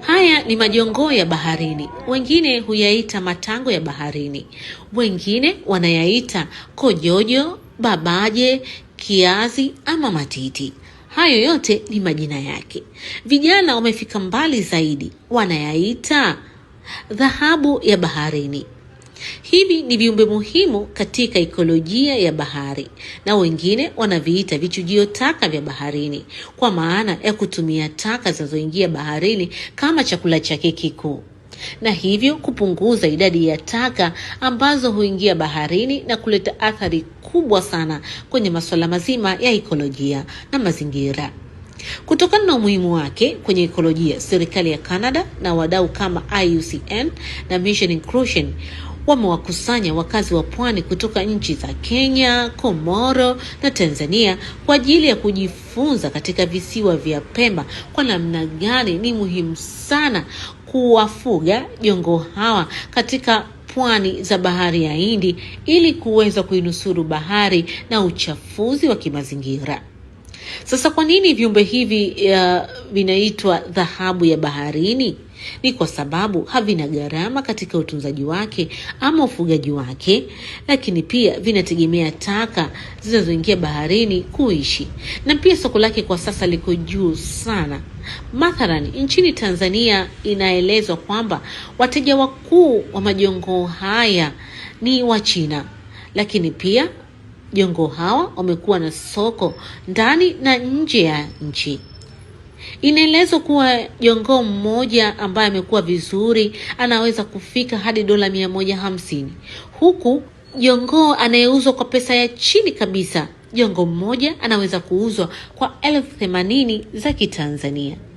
Haya ni majongoo ya baharini, wengine huyaita matango ya baharini, wengine wanayaita kojojo, babaje, kiazi ama matiti. Hayo yote ni majina yake. Vijana wamefika mbali zaidi, wanayaita dhahabu ya baharini. Hivi ni viumbe muhimu katika ikolojia ya bahari na wengine wanaviita vichujio taka vya baharini kwa maana ya kutumia taka zinazoingia baharini kama chakula chake kikuu na hivyo kupunguza idadi ya taka ambazo huingia baharini na kuleta athari kubwa sana kwenye masuala mazima ya ikolojia na mazingira. Kutokana na umuhimu wake kwenye ikolojia, serikali ya Canada na wadau kama IUCN na Mission Inclusion wamewakusanya wakazi wa pwani kutoka nchi za Kenya, Komoro na Tanzania kwa ajili ya kujifunza katika visiwa vya Pemba kwa namna gani ni muhimu sana kuwafuga jongo hawa katika pwani za bahari ya Hindi ili kuweza kuinusuru bahari na uchafuzi wa kimazingira. Sasa kwa nini viumbe hivi eh, vinaitwa dhahabu ya baharini? Ni kwa sababu havina gharama katika utunzaji wake ama ufugaji wake, lakini pia vinategemea taka zinazoingia baharini kuishi, na pia soko lake kwa sasa liko juu sana. Mathalan, nchini Tanzania inaelezwa kwamba wateja wakuu wa majongo haya ni Wachina, lakini pia Jongo hawa wamekuwa na soko ndani na nje ya nchi. Inaelezwa kuwa jongoo mmoja ambaye amekuwa vizuri anaweza kufika hadi dola mia moja hamsini huku jongoo anayeuzwa kwa pesa ya chini kabisa, jongo mmoja anaweza kuuzwa kwa elfu themanini za Kitanzania.